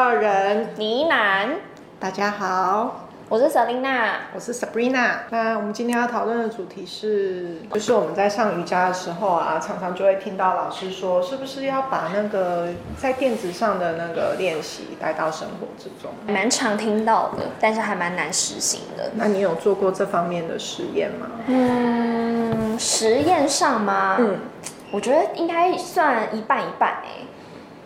二人呢喃，南大家好，我是瑟琳娜，我是 Sabrina。那我們今天要討論的主題是，就是我們在上瑜伽的時候啊，常常就會聽到老師說，是不是要把那個在墊子上的那個練習帶到生活之中？蠻常聽到的，但是還蠻難實行的。那你有做過這方面的實驗嗎？嗯，實驗上嗎？嗯，我覺得應該算一半一半、欸。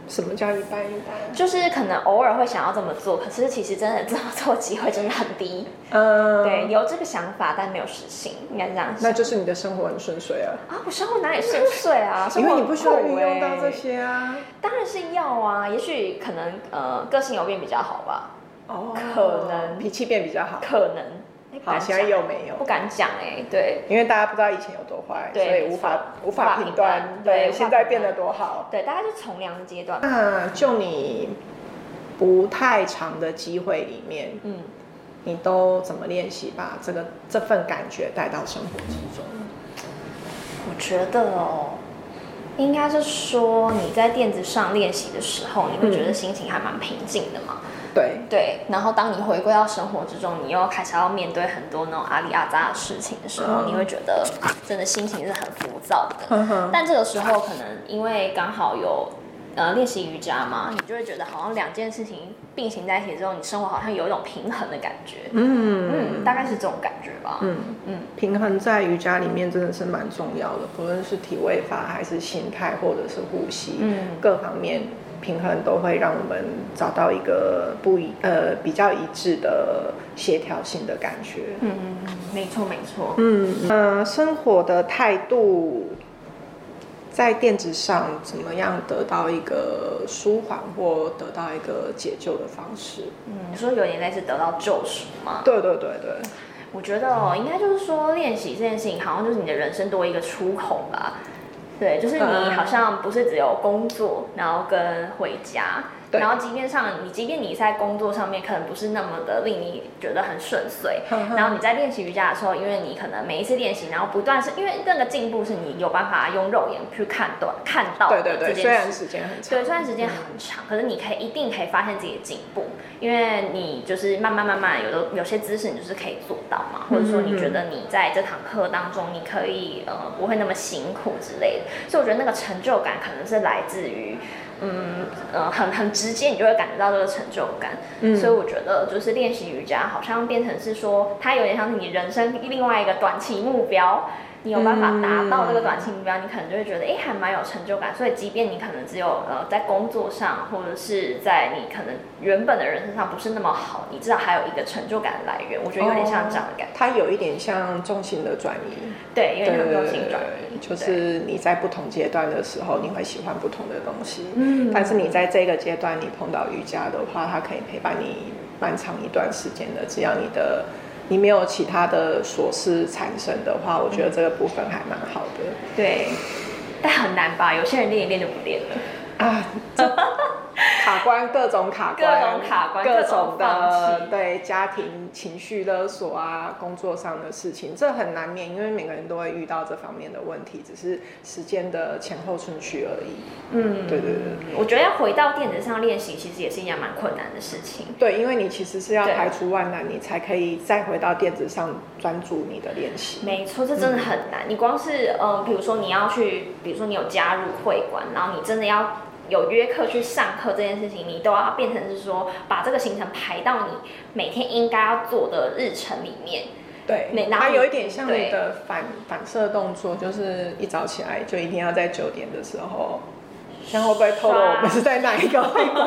什麼叫一般一般？就是可能偶爾會想要這麼做，可是其實真的這麼做機會真的很低。嗯，對，有這個想法但沒有實行，應該這樣。那就是你的生活很順遂啊！啊，我生活哪裡順遂啊？因為，遂因為你不需要用到這些啊。當然是要啊，也許可能呃，個性有變比較好吧。哦，可能脾氣變比較好。可能。好，現在有沒有？不敢講哎、欸，對，因為大家不知道以前有多壞，對所以無法無法評斷。對，對現在變得多好？對，大家是從良的階段。那就你不太長的機會裡面，嗯，你都怎麼練習把這個這份感覺帶到生活之中？我覺得哦，應該是說你在墊子上練習的時候，嗯、你會覺得心情還蠻平靜的嘛。對對，然後當你回歸到生活之中，你又開始要面對很多那種阿里阿雜的事情的時候，嗯、你會覺得真的心情是很浮躁的。嗯嗯、但這個時候可能因為剛好有、呃、練習瑜伽嘛，你就會覺得好像兩件事情並行在一起之後，你生活好像有一種平衡的感覺。嗯嗯，大概是這種感覺吧。嗯嗯，嗯，平衡在瑜伽裡面真的是蠻重要的，嗯、不論是體位法還是心態或者是呼吸，嗯，各方面。平衡都會讓我們找到一個不一、呃、比較一致的協調性的感覺。嗯沒錯、嗯嗯、沒錯。沒錯嗯、呃、生活的態度在墊子上怎麼樣得到一個舒緩或得到一個解救的方式？嗯，你說有點類似得到救贖嗎？對對對對，我覺得、哦、應該就是說練習這件事情，好像就是你的人生多一個出口吧。對，就是你好像不是只有工作，嗯、然後跟回家。然後，即便上你即便你在工作上面可能不是那麼的令你覺得很順遂，然後你在練習瑜伽的時候，因為你可能每一次練習，然後不斷是因為那個進步是你有辦法用肉眼去看到看到。對對對，雖然時間很長。對，雖然時間很長，嗯、可是你可以一定可以發現自己的進步，因為你就是慢慢慢慢有的有些姿勢，你就是可以做到嘛，或者說你覺得你在這堂課當中你可以呃不會那麼辛苦之類的，所以我覺得那個成就感可能是來自於。嗯，呃，很很直接，你就會感覺到這個成就感。嗯、所以我覺得，就是練習瑜伽好像變成是說，它有點像你人生另外一個短期目標。你有辦法達到這個短期目標，嗯、你可能就會覺得，哎、欸，還蠻有成就感。所以，即便你可能只有呃在工作上，或者是在你可能原本的人生上不是那麼好，你至少還有一個成就感來源。我覺得有點像這樣的感覺。哦、它有一點像重心的轉移。對，因為重心轉移，就是你在不同階段的時候，你會喜歡不同的東西。嗯對，但是你在這個階段，你碰到瑜伽的話，它可以陪伴你蠻長一段時間的。只要你的。你沒有其他的瑣事產生的話，我覺得這個部分還蠻好的。嗯、對，但很難吧？有些人練一練就不練了啊。 卡關各種卡關，各種卡關，各種，卡關各種的各種對，家庭情緒勒索啊，工作上的事情，這很難免，因為每個人都會遇到這方面的問題，只是時間的前後順序而已。嗯，對對對，我覺得要回到墊上練習，其實也是一件蠻困難的事情。對，因為你其實是要排除萬難，對你才可以再回到墊上專注你的練習。沒錯，這真的很難。嗯、你光是呃，比如說你要去，比如說你有加入會館，然後你真的要。有約課去上課這件事情，你都要變成是說，把這個行程排到你每天應該要做的日程裡面。對，它後有一點像你的反對反射動作，就是一早起來就一定要在九點的時候。像會不會透露我們是在哪一個地方。刷,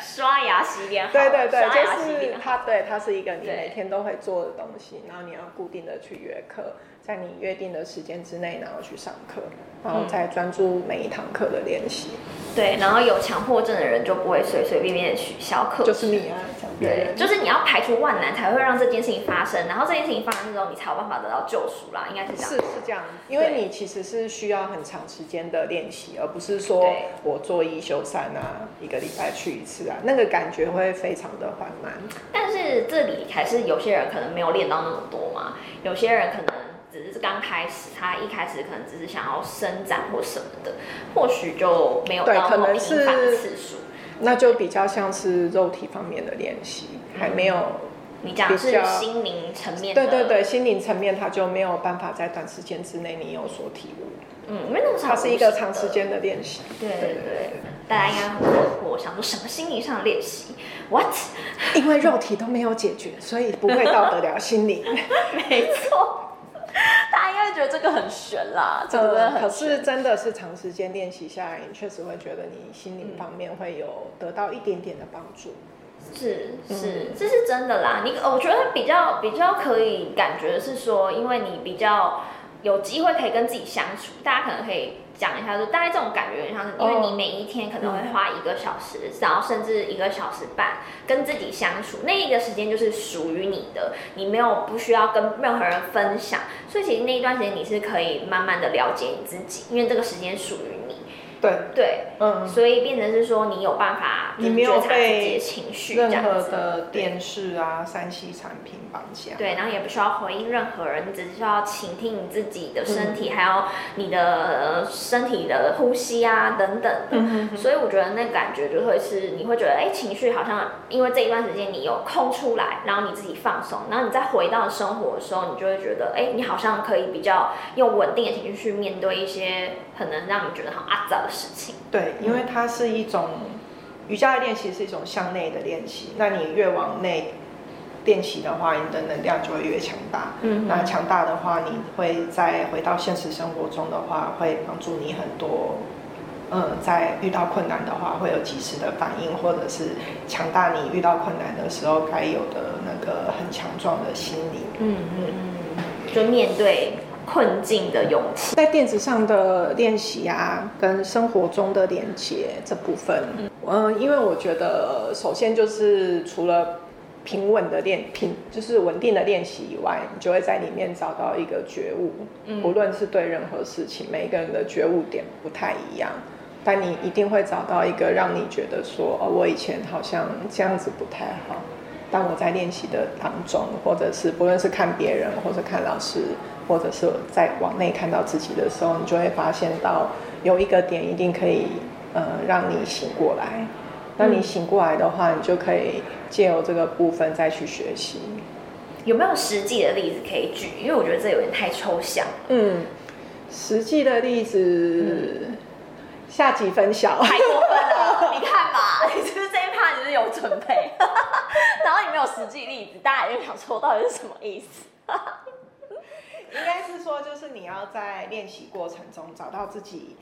刷牙洗臉。對對對，就是它，對它是一個你每天都會做的東西，對然後你要固定的去約課。在你約定的時間之內，然後去上課，然後再專注每一堂課的練習、嗯。對，然後有強迫症的人就不會隨隨便便，便取消課。就是你啊，嗎對，對，對，就是你要排除萬難才會讓這件事情發生，然後這件事情發生之後，你才有辦法得到救贖啦，應該是這樣。是是這樣，因為你其實是需要很長時間的練習，對而不是說我做一休三啊，一個禮拜去一次啊，那個感覺會非常的緩慢。但是這裡還是有些人可能沒有練到那麼多嘛，有些人可能。只是剛開始，他一開始可能只是想要伸展或什麼的，或許就沒有到那麼頻繁的次數。那就比較像是肉體方面的練習，嗯、還沒有比較，你講是心靈層面的。對對對，心靈層面他就沒有辦法在短時間之內你有所體悟。嗯，因為那是他是一個長時間的練習。對對對，對對對，大家應該很困惑，想說什麼？心靈上的練習？What？因為肉體都沒有解決，所以不會到得了心靈。 沒錯。覺得這個很玄啦，真的，真的。可是真的是長時間練習下來，你確實會覺得你心靈方面會有得到一點點的幫助。嗯、是是，這是真的啦。你我覺得比較比較可以感覺是說，因為你比較有機會可以跟自己相處，大家可能可以。講一下，就大概這種感覺有點像，因為你每一天可能會花一個小時，哦、然後甚至一個小時半跟自己相處，那一個時間就是屬於你的，你沒有不需要跟任何人分享，所以其實那一段時間你是可以慢慢的了解你自己，因為這個時間屬於你。對對，對嗯，所以變成是說你有辦法你，你沒有被任何的電視啊、對三 C 產品綁架。對，然後也不需要回應任何人，你只需要傾聽你自己的身體，嗯、還有你的身體的呼吸啊等等的。嗯、哼哼，所以我覺得那感覺就會是，你會覺得哎、欸，情緒好像因為這一段時間你有空出來，然後你自己放鬆，然後你再回到生活的時候，你就會覺得哎、欸，你好像可以比較用穩定的情緒去面對一些。可能讓你覺得好啊，糟的事情。對，因為它是一種瑜伽的練習，是一種向內的練習。那你越往內練習的話，你的能量就會越強大。嗯，嗯，那強大的話，你會再回到現實生活中的話，會幫助你很多。嗯，在遇到困難的話，會有及時的反應，或者是強大你遇到困難的時候該有的那個很強壯的心理。嗯嗯嗯，就面對困境的勇氣，在墊上的練習啊，跟生活中的連接這部分，嗯、呃，因為我覺得，首先就是除了平穩的練平，就是穩定的練習以外，你就會在裡面找到一個覺悟。嗯，不論是對任何事情，每個人的覺悟點不太一樣，但你一定會找到一個讓你覺得說，哦，我以前好像這樣子不太好，但我在練習的當中，或者是不論是看別人或者看老師。或者是在往內看到自己的時候，你就會發現到有一個點一定可以，呃、讓你醒過來。那你醒過來的話，嗯、你就可以借由這個部分再去學習。有沒有實際的例子可以舉？因為我覺得這有點太抽象。嗯，實際的例子、嗯、下集分曉，太過分了。 你看吧，你是這一趴，你是有準備， 然後你沒有實際例子，大家也就想說到底是什麼意思。然後在練習過程中找到自己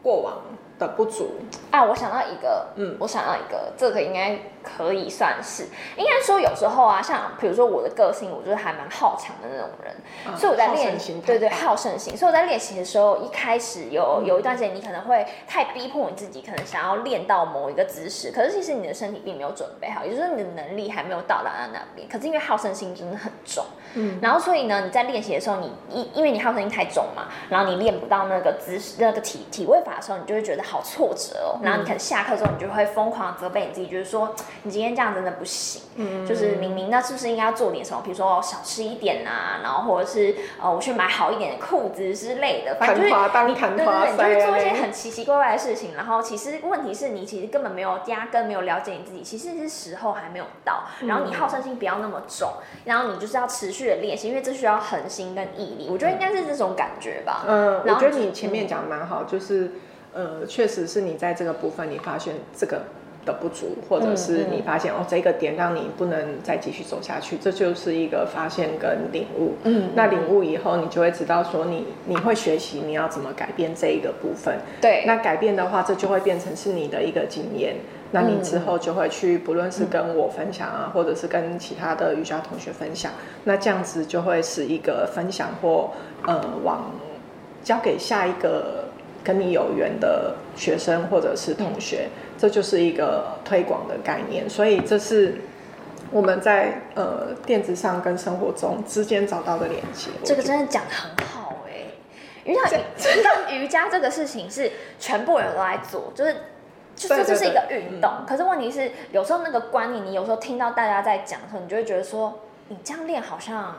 過往的不足啊！我想到一個，嗯，我想到一個，這個應該可以算是，應該說有時候啊，像比如說我的個性，我就是還蠻好強的那種人，嗯、所以我在練，對對，好勝心，所以我在練習的時候，一開始有有一段時間，你可能會太逼迫你自己，可能想要練到某一個姿勢，可是其實你的身體並沒有準備好，也就是你的能力還沒有到達到那邊，可是因為好勝心真的很重。嗯、然後，所以呢，你在練習的時候你，你因因為你好勝心太重嘛，然後你練不到那個姿勢，那個體體位法的時候，你就會覺得好挫折哦。嗯、然後你可能下課之後，你就會瘋狂責備你自己，就是說你今天這樣真的不行。嗯，就是明明那是不是應該要做點什麼？比如說少吃一點啊，然後或者是呃，我去買好一點的褲子之類的。反攀華當，對對對，你就是做一些很奇奇怪怪的事情。然後其實問題是你其實根本沒有，壓根沒有了解你自己。其實是時候還沒有到。然後你好勝心不要那麼重，然後你就是要持續。去練習，因為這需要恆心跟毅力，嗯、我覺得應該是這種感覺吧。嗯、呃，我覺得你前面講的蠻好，就是呃，確實是你在這個部分你發現這個的不足，或者是你發現、嗯、哦這個點讓你不能再繼續走下去，這就是一個發現跟領悟。嗯，那領悟以後你就會知道說你你會學習你要怎麼改變這一個部分。對、嗯，那改變的話，嗯、這就會變成是你的一個經驗。那你之後就會去，不論是跟我分享啊，嗯嗯、或者是跟其他的瑜伽同學分享，那這樣子就會是一個分享或呃往交給下一個跟你有緣的學生或者是同學，嗯、這就是一個推廣的概念。所以這是我們在呃墊子上跟生活中之間找到的連接。這個真的講得很好誒、欸、瑜， 瑜伽這個事情是全部人都來做，就是。就是這是一個運動，對對對嗯、可是問題是，有時候那個觀念，你有時候聽到大家在講的時候，你就會覺得說，你這樣練好像。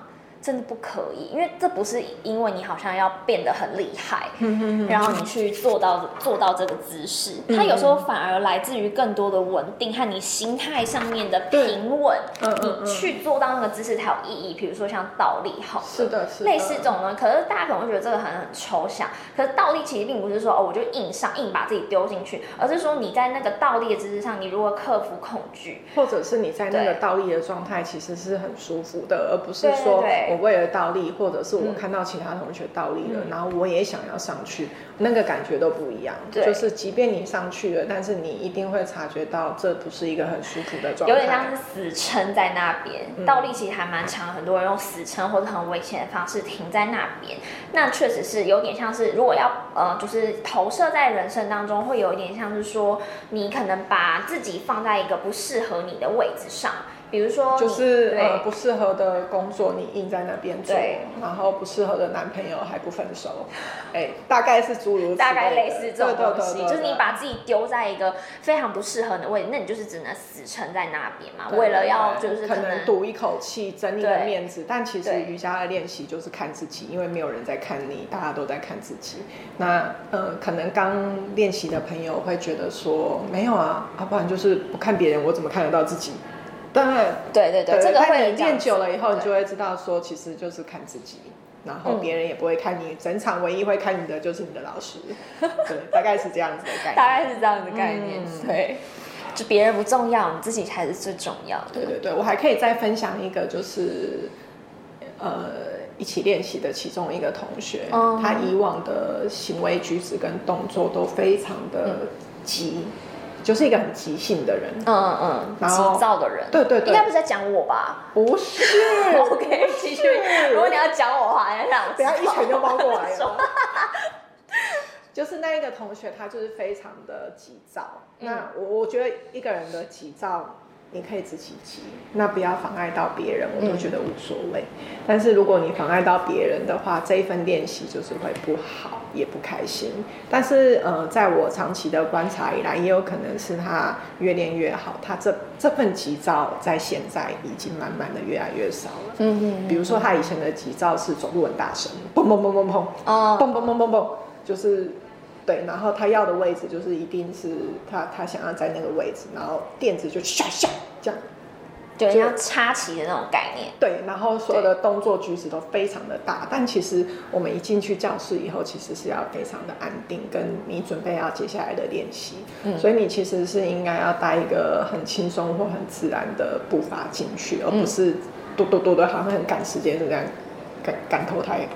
真的不可以，因為這不是因為你好像要變得很厲害，嗯、哼哼然後你去做到做到這個姿勢，嗯、哼它有時候反而來自於更多的穩定和你心態上面的平穩。嗯嗯嗯，你去做到那個姿勢才有意義。比如說像倒立好，哈，是的，是類似這種呢。可是大家可能會覺得這個很很抽象。可是倒立其實並不是說哦，我就硬上硬把自己丟進去，而是說你在那個倒立的姿勢上，你如果克服恐懼，或者是你在那個倒立的狀態其實是很舒服的，對而不是說。對對對為了倒立，或者是我看到其他同學倒立了，嗯、然後我也想要上去，嗯、那個感覺都不一樣。對，就是即便你上去了，但是你一定會察覺到這不是一個很舒服的狀態。有點像是死撐在那邊，嗯、倒立其實還蠻常，很多人用死撐或者很危險的方式停在那邊，那確實是有點像是，如果要呃，就是投射在人生當中，會有一點像是說，你可能把自己放在一個不適合你的位置上。比如說，就是對呃，不適合的工作你硬在那邊做，對然後不適合的男朋友還不分手，對哎、大概是諸如此類，大概類似這種東西，就是你把自己丟在一個非常不適合的位置，那你就是只能死撐在那邊嘛。對對對，為了要就是可能賭一口氣，爭你的面子。對但其實瑜伽的練習就是看自己，因為沒有人在看你，大家都在看自己。那嗯、呃，可能剛練習的朋友會覺得說，沒有啊，要、啊、不然就是不看別人，我怎麼看得到自己？對，對對對，對這個會是這樣子，但你練久了以後，你就會知道說，其實就是看自己，對然後別人也不會看你，整場唯一會看你的就是你的老師，嗯、對，大概是這樣子的概念， 大概是這樣的概念，嗯、對，就別人不重要，你自己才是最重要的。對對對，我還可以再分享一個，就是呃，一起練習的其中一個同學，嗯、他以往的行為舉止跟動作都非常的急。嗯急就是一個很急性的人，嗯嗯嗯，嗯然後，急躁的人，對對對，應該不是在講我吧？不是我可以繼續。如果你要講我的話，你要想，不要一拳就包過來了。 就是那一個同學，他就是非常的急躁。嗯、那我我覺得一個人的急躁，你可以自己急，那不要妨礙到別人，我都覺得無所謂。嗯、但是如果你妨礙到別人的話，這一份練習就是會不好。也不開心，但是呃，在我長期的觀察以來，也有可能是他越練越好，他這這份急躁在現在已經慢慢的越來越少了。嗯嗯，比如說他以前的急躁是走路很大聲，嘣嘣嘣嘣嘣，哦，嘣嘣嘣嘣嘣，就是對，然後他要的位置就是一定是他他想要在那個位置，然後墊子就唰唰這樣。就你要插齊的那種概念。對，然後所有的動作舉止都非常的大，對但其實我們一進去教室以後，其實是要非常的安定，跟你準備要接下來的練習。嗯，所以你其實是應該要帶一個很輕鬆或很自然的步伐進去，嗯，而不是嘟嘟嘟嘟，好像很趕時間這樣趕趕，趕投胎。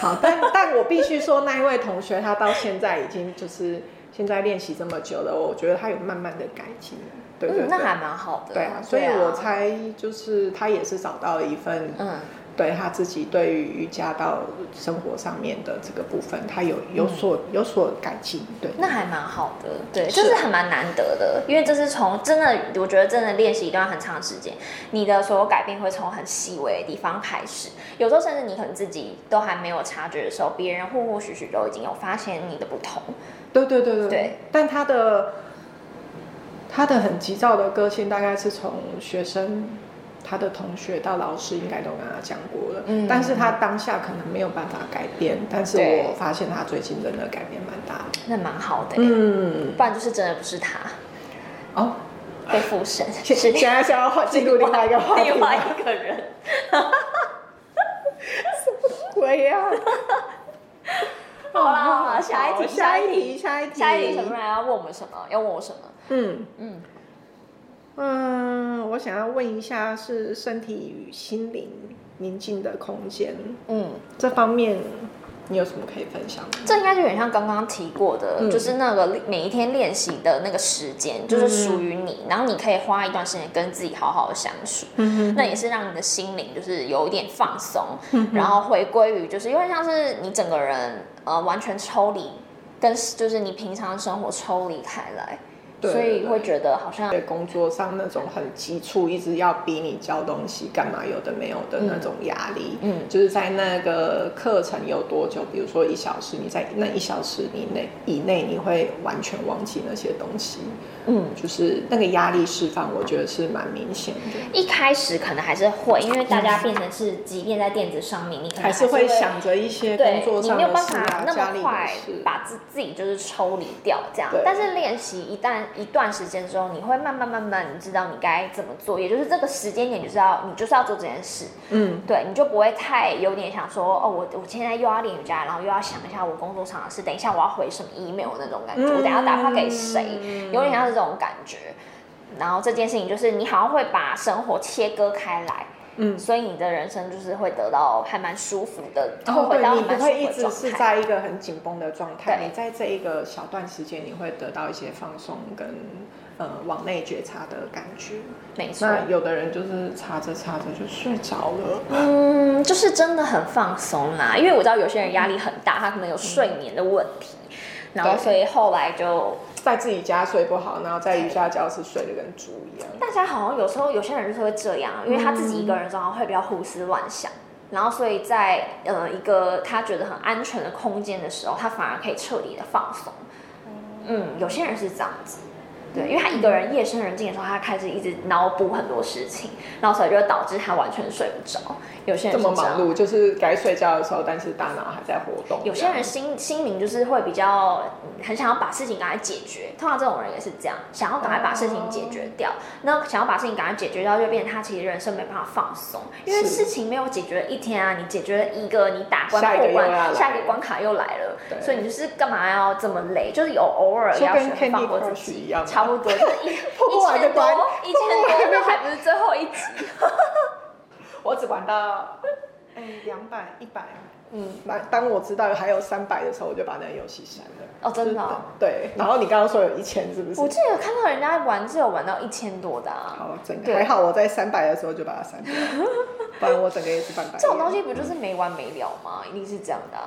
好，但但我必須說，那一位同學他到現在已經就是現在練習這麼久了，我覺得他有慢慢的改進。對對對對嗯，那還蠻好的。對啊，所以我猜就是他也是找到了一份，嗯，對他自己對於瑜伽到生活上面的這個部分，他有有所、嗯、有所改進。對，那還蠻好的，對，是就是還蠻難得的，因為這是從真的，我覺得真的練習一段很長時間，你的所有改變會從很細微的地方開始，有時候甚至你可能自己都還沒有察覺的時候，別人或或許許都已經有發現你的不同。對對對對對。對，但他的。他的很急躁的個性，大概是從學生、他的同學到老師，應該都跟他講過了。嗯，但是他當下可能沒有辦法改變。嗯、但是我發現他最近真的改變蠻大的。那蠻好的、欸。嗯，不然就是真的不是他哦，被附身。現在，想要想要進入另外一個話題，另外一個人。什麼鬼呀？.好啦，嗯、好，下一，下一題，下一題，下一題，下一題什麼來着？要問我們什麼？要問我什麼？嗯嗯嗯，我想要問一下，是身體與心靈寧靜的空間，嗯，這方面。你有什麼可以分享的？這應該就有點像剛剛提過的，嗯、就是那個每一天練習的那個時間，就是屬於你，嗯、哼然後你可以花一段時間跟自己好好的相處，嗯、哼那也是讓你的心靈就是有一點放鬆，嗯、哼然後回歸於，就是因為像是你整個人呃完全抽離，跟就是你平常的生活抽離開來。所以會覺得好像對，對，對工作上那種很急促，一直要逼你交東西幹嘛有的沒有的那種壓力嗯，嗯，就是在那個課程有多久，比如說一小時，你在那一小時以內以內你會完全忘記那些東西，嗯，就是那個壓力釋放，我覺得是蠻明顯的。一開始可能還是會，因為大家變成是，即便在墊子上面，你可能還是會，還是會想着一些工作上面，沒有辦法那麼快把自自己就是抽離掉這樣，對但是練習一旦一段時間之後，你會慢慢慢慢，你知道你該怎麼做，也就是這個時間點就知道你就是要做這件事。嗯，對，你就不會太有點想說哦，我我現在又要練瑜伽，然後又要想一下我工作上的事，等一下我要回什麼 email 那種感覺，嗯、我等一下要打電話給誰，嗯、有點像這種感覺。然後這件事情就是你好像會把生活切割開來。嗯，所以你的人生就是會得到還蠻舒服的，然後、哦、回到還蠻舒服的狀態。你不會一直是在一個很緊繃的狀態，對你在這一個小段時間，你會得到一些放鬆跟呃往內覺察的感覺。沒錯錯，那有的人就是查着查着就睡着了。嗯，就是真的很放鬆啦，因為我知道有些人壓力很大，嗯、他可能有睡眠的問題，嗯、然後所以後來就。在自己家睡不好，然後在瑜伽教室睡得跟豬一樣。大家好像有時候有些人就是會這樣，因為他自己一個人的時候會比較胡思亂想，然後所以在呃一個他覺得很安全的空間的時候，他反而可以徹底的放鬆。嗯，嗯，有些人是這樣子。對，因為他一個人夜深人靜的時候，嗯、他開始一直腦補很多事情，然後所以就導致他完全睡不着。有些人這，這麼忙碌，就是該睡覺的時候，該但是大腦還在活動。有些人心心靈就是會比較很想要把事情趕快解決，通常這種人也是這樣，想要趕快把事情解決掉，啊、那想要把事情趕快解決掉，就變成他其實人生沒辦法放鬆，是因為事情沒有解決一天啊，你解決了一個，你打關卡，破關，下一，下一個關卡又來了，對所以你就是幹嘛要這麼累？就是有偶爾要放過自己。一千多，那還不是最後一集。我只玩到哎，兩百一百，嗯，那當我知道還有三百的時候，我就把那個遊戲刪了。哦，真的？對。然後你剛剛說有一千，是不是？我記得看到人家玩是有玩到一千多的。好，整，還好我在三百的時候就把它刪了，不然我整個也是半百。這種東西不就是沒完沒了嗎？一定是這樣的。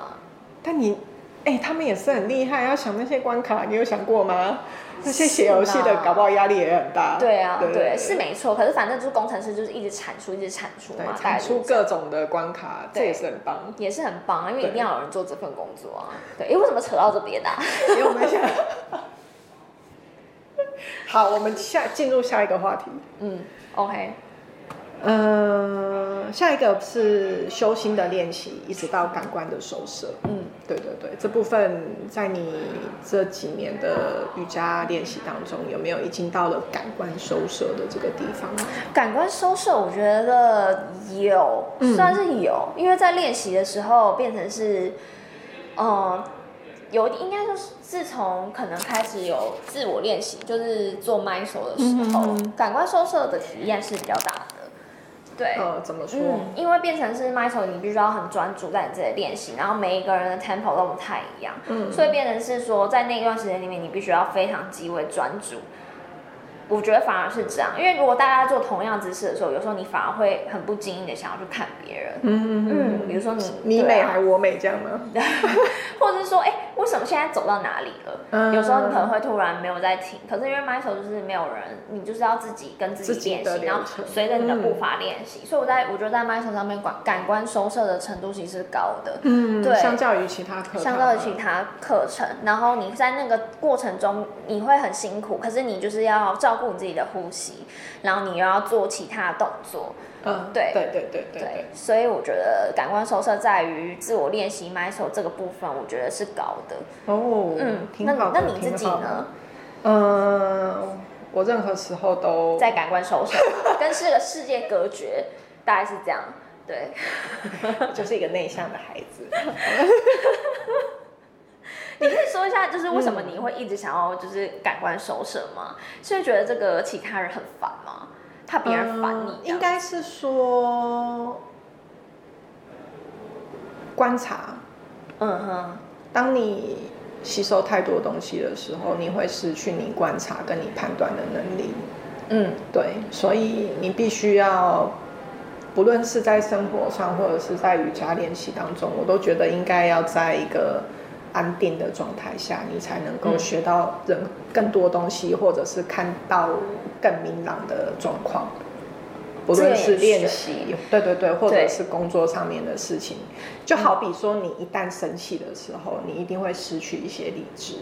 但你哎，他們也是很厲害，要想那些關卡，你有想過嗎？這些寫遊戲的搞不好壓力也很大。啊對啊，對，對，是沒錯。可是反正就是工程師就是一直產出，一直產出嘛，產出各種的關卡，對這也是很棒。也是很棒啊，因為一定要有人做這份工作啊。對，哎，為什麼扯到這邊的、啊？因為、哎、我們想， 好，我們下進入下一個話題。嗯，OK。嗯、呃，下一個是修心的練習，一直到感官的收攝。嗯。對對對，這部分在你這幾年的瑜伽練習當中，有沒有已經到了感官收攝的這個地方？感官收攝，我覺得有，算是有，嗯、因為在練習的時候變成是，嗯、呃，有，應該說是自從可能開始有自我練習，就是做 Mysore 的時候，嗯嗯，感官收攝的體驗是比較大的。對、哦，怎麼說、嗯？因為變成是 Michael，你必須要很專注在你自己練習，然後每一個人的 tempo 都不太一樣，嗯、所以變成是說，在那一段時間裡面，你必須要非常極為專注。我覺得反而是這樣，因為如果大家做同樣姿勢的時候，有時候你反而會很不經意的想要去看別人。嗯嗯，嗯，比如說你你美還是、啊、我美這樣呢？ 或者是說哎。欸為什麼現在走到哪裡了？嗯、有時候你可能會突然沒有在聽，可是因為邁 o 就是沒有人，你就是要自己跟自己練習，然後隨着你的步伐練習。嗯、所以我在我覺得在邁 o 上面，感感官收攝的程度其實是高的。嗯、對，相較於其他課相較於其他課程，嗯、然後你在那個過程中，你會很辛苦，可是你就是要照顧你自己的呼吸，然後你又要做其他動作。對對對對對，對，所以我覺得感官收攝在於自我練習 myself 這個部分，我覺得是高的哦。嗯，那那你自己呢？嗯，我任何時候都在感官收攝， 跟這個世界隔絕，大概是這樣。對，就是一個內向的孩子。你可以說一下，就是為什麼你會一直想要就是感官收攝嗎？嗯、是，是覺得這個其他人很煩嗎？特別煩，嗯，應該是說觀察。嗯哼，當你吸收太多東西的時候，你會失去你觀察跟你判斷的能力。嗯，對，所以你必須要，不論是在生活上或者是在瑜伽練習當中，我都覺得應該要在一個，安定的狀態下，你才能夠學到人更多東西，嗯、或者是看到更明朗的狀況。不論是練習，對，對對對，或者是工作上面的事情，對就好比說，你一旦生氣的時候，你一定會失去一些理智。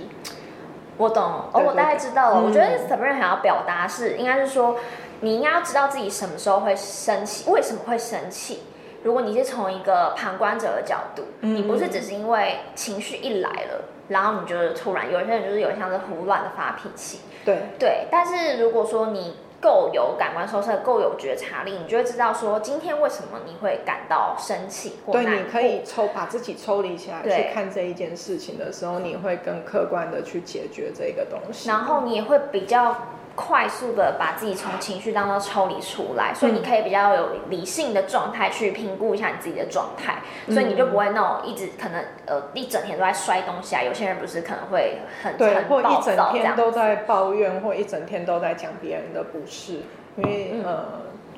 我懂，對對對哦，我大概知道了。嗯、我覺得什麼人還要表達是，應該是說，你應該要知道自己什麼時候會生氣，為什麼會生氣。如果你是從一個旁觀者的角度，你不是只是因為情緒一來了，嗯、然後你就是突然，有些人就是有像是胡亂的發脾氣，對對。但是如果說你夠有感官收攝，夠有覺察力，你就會知道說今天為什麼你會感到生氣或難過。對，你可以抽把自己抽離起來對去看這一件事情的時候，對你會更客觀的去解決這個東西，然後你也會比較。快速的把自己從情緒當中抽離出來，嗯、所以你可以比較有理性的狀態去評估一下你自己的狀態，嗯、所以你就不會那種一直可能呃一整天都在摔東西啊。有些人不是可能會很對，很暴躁或一整天都在抱怨，或一整天都在講別人的不是，因為、嗯、呃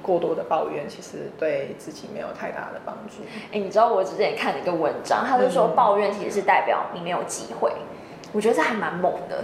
過多的抱怨其實對自己沒有太大的幫助。哎、欸，你知道我之前也看了一個文章，他就說抱怨其實是代表你沒有機會，嗯、我覺得這還蠻猛的。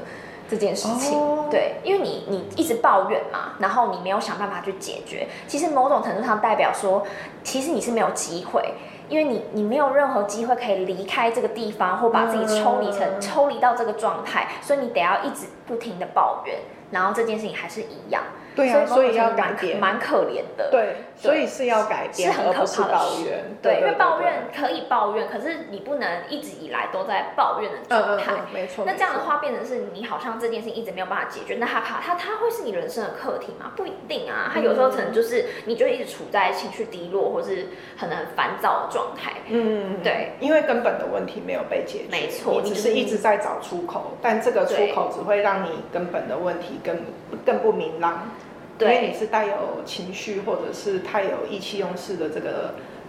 這件事情，哦、對，因為你你一直抱怨嘛，然後你沒有想辦法去解決，其實某種程度上代表說，其實你是沒有機會，因為你你沒有任何機會可以離開這個地方，或把自己抽離成、嗯、抽離到這個狀態，所以你得要一直不停的抱怨，然後這件事情還是一樣。對呀、啊，所以要改變，蠻可憐的。對，所以是要改變，是很可怕的抱怨。對，因為抱怨可以抱怨，可是你不能一直以來都在抱怨的狀態、嗯。嗯，嗯沒錯。那這樣的話，變成是你好像這件事一直沒有辦法解決，那怕他他會是你人生的課題嗎？不一定啊，他有時候可能就是你就一直處在情緒低落或是很很煩躁的狀態、嗯。嗯。對，因為根本的問題沒有被解決，沒錯，你只是一直在找出口，就是、但這個出口只會讓你根本的問題更更不明朗。對因為你是帶有情緒或者是太有意氣用事的這個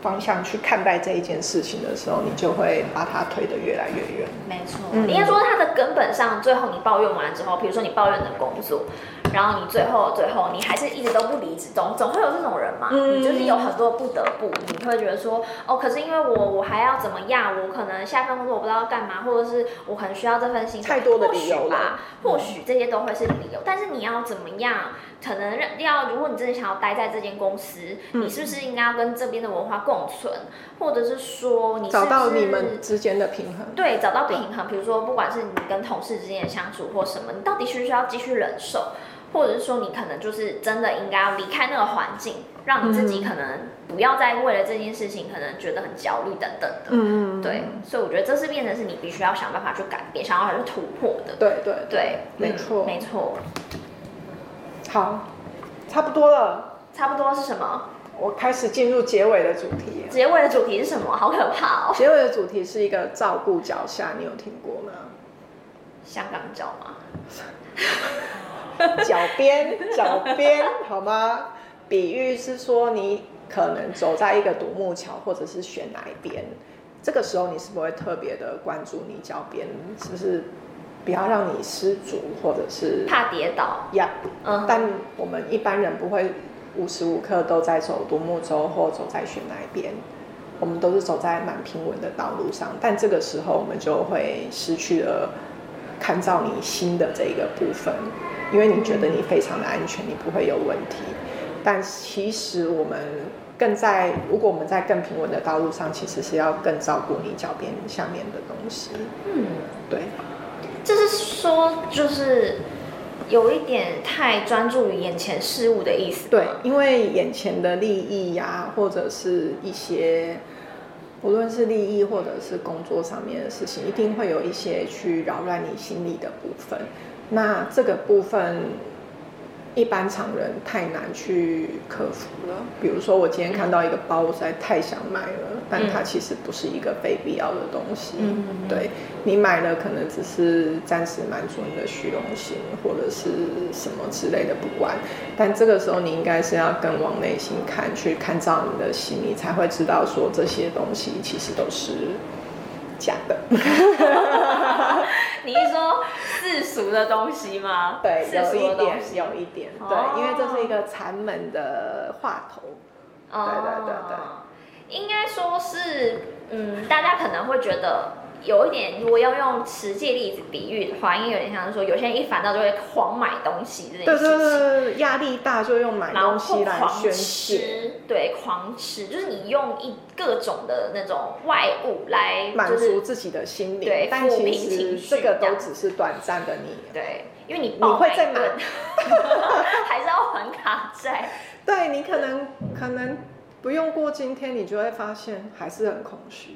方向去看待這一件事情的時候，你就會把它推得越來越遠。沒錯錯，嗯嗯，應該說它的根本上，最後你抱怨完之後，比如說你抱怨的工作，然後你最後最後你還是一直都不離職，總總會有這種人嘛。嗯、你就是有很多不得不，你會覺得說哦，可是因為我我還要怎麼樣？我可能下份工作我不知道要幹嘛，或者是我很需要這份薪水。太多的理由了。或許這些都會是理由，嗯、但是你要怎麼樣？可能要，如果你真的想要待在這間公司，你是不是應該要跟這邊的文化共存，嗯、或者是說你是不是找到你們之間的平衡？對，找到平衡。嗯、比如說，不管是你跟同事之間的相處或什麼，你到底需不需要繼續忍受，或者是說你可能就是真的應該要離開那個環境，讓你自己可能不要再為了這件事情可能覺得很焦慮等等的。嗯對，所以我覺得這是變成是你必須要想辦法去改變，想要去突破的。對對對，沒錯對、嗯、沒錯。沒錯好，差不多了。差不多是什麼？我開始進入結尾的主題。結尾的主題是什麼？好可怕哦！結尾的主題是一個照顧腳下，你有聽過嗎？香港腳嗎？腳邊， 腳邊，好嗎？比喻是說你可能走在一個獨木橋，或者是選哪一邊。這個時候，你是不會特別的關注你腳邊是不是？不要讓你失足，或者是怕跌倒。嗯，Yeah, uh. 但我們一般人不會無時無刻都在走獨木舟或走在懸崖邊，我們都是走在蠻平穩的道路上。但這個時候，我們就會失去了看照你心的這一個部分，因為你覺得你非常的安全，嗯、你不會有問題。但其實我們更在，如果我們在更平穩的道路上，其實是要更照顧你腳邊下面的東西。嗯，對。說就是有一點太專注於眼前事物的意思。對，因為眼前的利益呀、啊，或者是一些無論是利益或者是工作上面的事情，一定會有一些去擾亂你心裡的部分。那這個部分一般常人太難去克服了。比如說，我今天看到一個包，嗯、我實在太想買了，但它其實不是一個非必要的東西。嗯、對。你買了可能只是暫時滿足你的虛榮心，或者是什麼之類的，不管。但這個時候你應該是要更往內心看，去看照你的心，你才會知道說這些東西其實都是假的。 你是說世俗的東西嗎？對，有一點，有一點。對，哦、因為這是一個禪門的話頭。對對對對，對，應該說是，嗯，大家可能會覺得。有一點，如果要用實際的例子比喻，華英有點像是說，有些人一煩躁就會狂買東西這就是對對對，壓力大就用買東西來宣洩。對，狂吃，就是你用一各種的那種外物來、就是、滿足自己的心理，對但其實情這，這個都只是短暫的你。你對，因為你你會再買 還是要還卡債？對，你可能可能不用過今天，你就會發現還是很空虛。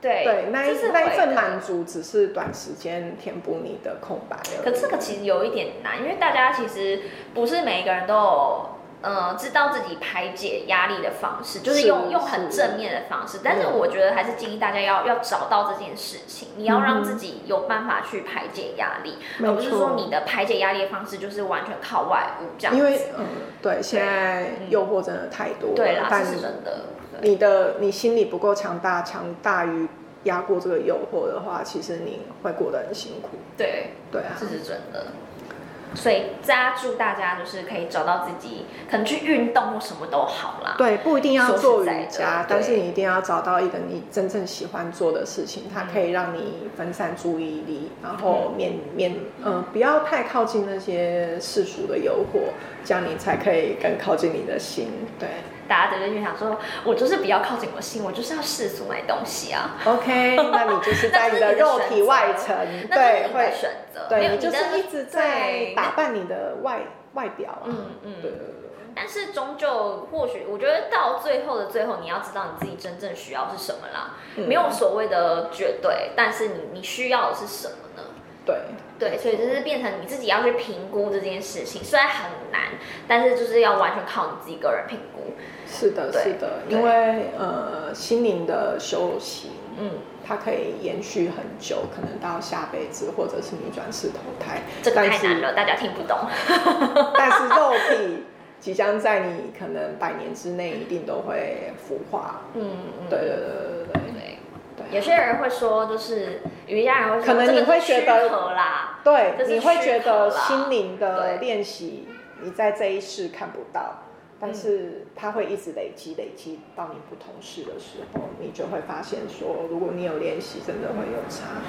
對，那一那一份滿足只是短時間填補你的空白。可這個其實有一點難，因為大家其實不是每一個人都有呃知道自己排解壓力的方式，就是用是是用很正面的方式。但是我覺得還是建議大家要、嗯、要找到這件事情，你要讓自己有辦法去排解壓力，嗯、而不是說你的排解壓力的方式就是完全靠外物這樣子。因為嗯，對，對現在誘惑真的太多、嗯，對啦，但是真的。你的你心裡不夠強大，強大於壓過這個誘惑的話，其實你會過得很辛苦。對對啊，這是真的。所以，祝大家就是可以找到自己，可能去運動或什麼都好啦。對，不一定要做瑜伽，在但是你一定要找到一個你真正喜歡做的事情，嗯、它可以讓你分散注意力，然後免、嗯、免，嗯嗯、不要太靠近那些世俗的誘惑，這樣你才可以更靠近你的心。對，大家的人就想說，我就是比較靠近我心，我就是要世俗買東西啊。OK，那你就是在你的肉體外層， 選對，會。對，你就是一直在打扮你的外對外表嗯、啊、嗯，嗯對對，但是終究，或許我覺得到最後的最後，你要知道你自己真正需要是什麼啦。嗯、沒有所謂的絕對，但是你你需要的是什麼呢？對對，所以就是變成你自己要去評估這件事情，雖然很難，但是就是要完全靠你自己個人評估。是的，對是的，對因為對呃，心靈的修行，嗯。它可以延續很久，可能到下輩子，或者是你轉世投胎。這個太難了，大家聽不懂。但是肉體即將在你可能百年之內一定都會腐化。嗯，對對對對對對。有些人會說，就是瑜伽人會說，可能你會覺得，對，你會覺得心靈的練習你在這一世看不到。但是他會一直累積，累積到你不同事的時候，你就會發現說，如果你有練習，真的會有差。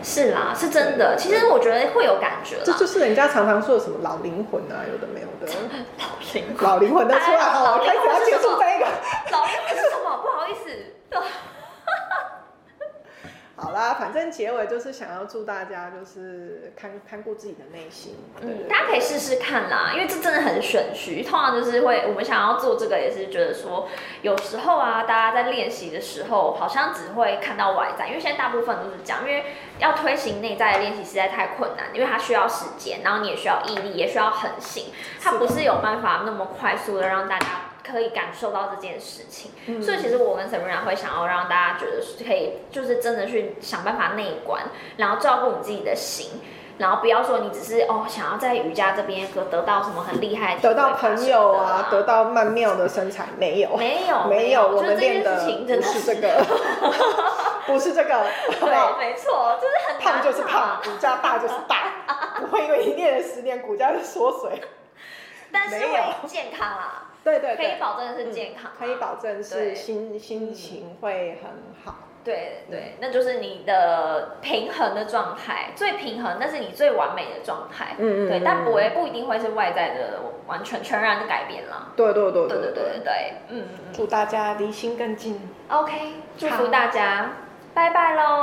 是啦，是真的。對其實我覺得會有感覺，嗯。這就是人家常常說的什麼老靈魂啊，有的沒有的。 老靈魂。老靈魂的出來，哦，大家老靈魂是什麼？老靈魂是什麼？ 不好意思。 好啦，反正結尾就是想要祝大家，就是看看顧自己的內心。對對對。嗯，大家可以試試看啦，因為這真的很玄虛。通常就是會，我們想要做這個也是覺得說，有時候啊，大家在練習的時候好像只會看到外在，因為現在大部分都是這樣。因為要推行內在的練習實在太困難，因為它需要時間，然後你也需要毅力，也需要恆心。它不是有辦法那麼快速的讓大家。可以感受到這件事情，所以其實我們怎麼樣會想要讓大家覺得可以，就是真的去想辦法內觀，然後照顧你自己的心，然後不要說你只是哦想要在瑜伽這邊得得到什麼很厲害，得到朋友啊，得到曼妙的身材，沒有，沒有，沒有，我們練的不是這個，不是這個，對，沒錯，就是很胖就是胖，骨架大就是大，不會因為練了十年骨架就縮水，但是會有健康啊。對對，可以保證是健康，可以保證是心心情會很好。對對，那就是你的平衡的狀態，最平衡，那是你最完美的狀態。嗯嗯，對，但不不一定會是外在的完全全然的改變了。對對對對對對對，嗯嗯。祝大家離心更近。OK，祝福大家，拜拜嘍。